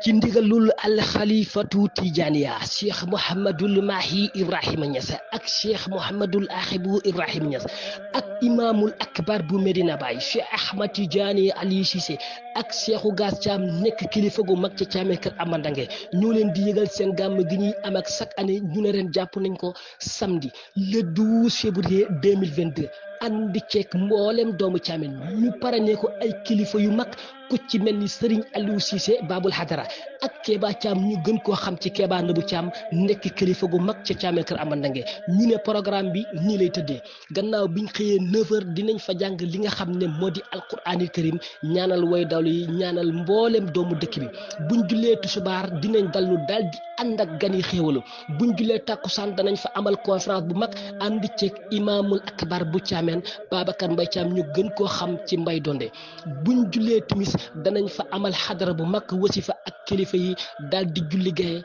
ci ndigalul alxalifatu tijaniya cheikh mouhamadul mahi ibrahima Niass ak cheikh mouhamadul axibu ibrahima Niass ak imaamul akbar bu Medina Baye cheikh ahmad Tidiane ali Cissé ak cheikhu gas Thiam nekk kilifa gu mag ca Thiamé kër amandange ñoo leen di yëgal seen gàmm gi ñuy am ak chaque année ñu ne ren jàpp nañ ko samedi le 12 février 2022 andi ceeg mboolem doomu Thiamène ñu parane ko ay kilifa yu mag ku ci mel ni Serigne Aliou Cissé Babul Hadara ak Kéba Thiam ñu gën koo xam ci Kéba Nabou Thiam nekk kilifa gu mag ca Thiamel Kër Amandange ñu ne programme bi nii lay tëddee gannaaw biñ xëyee 9h dinañ fa jàng li nga xam ne moo di alquranil karim ñaanal woy dawlu yi ñaanal mboolem doomu dëkk bi buñ jullee tusubaar dinañ dallu daal di ànd ak gan yi xéewalu buñ jullee tàkkusaan danañ fa amal conférence bu mag ànd ceeg imaamul akbar bu Thiameen Babacar Mbaye Thiam ñu gën koo xam ci Mbaye Donde danañ fa amal xadara bu mag wasifa ak kilifa yi daldi di julli gaye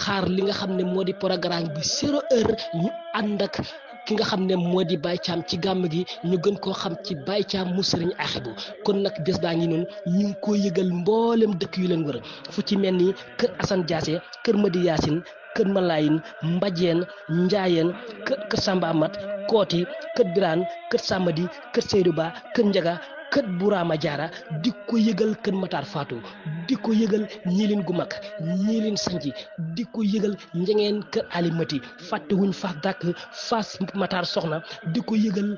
xaar li nga xam ne moo di programme bi zéro heure ñu ànd ak ki nga xam ne moo di Baye Thiam ci gàmm gi ñu gën koo xam ci Baye Thiam mu sëriñ axibu kon nag bés baa ngi noonu ñu ngi ko yëgal mboolem dëkk yu leen wër fu ci mel ni kër Assane Diassé kër Madi Yacine kër Malayin Mbajeen Njaayeen kër kër Samba Mat Kooti kër Birane kër Samadi kër Seydou Ba kër Njaga kët Bourama Diarra di ko yëgal kën Matar Fatou diko ko yëgal ñiilin gu mag ñiilin sanji di ko yëgal njëngeen kër Ali Mati fàttewuñ fas dàkk fas Matar Soxna di ko yëgal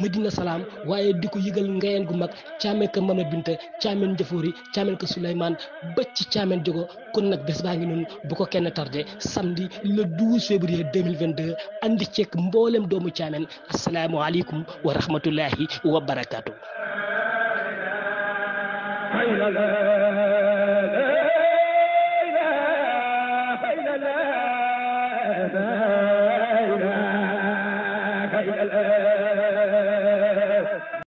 Medina Salaam waaye di yëgal ngayeen gu mag caameen ka Mama Binta caameen Njëfoori caameen ka Souleymane ba ci caameen Jogo kon nag bés baa ngi noonu bu ko kenn tardé samedi le 12 février 2022 ceek mboolem doomu caameen asalaamaaleykum wa rahmatullahi wa barakaatu. حول لا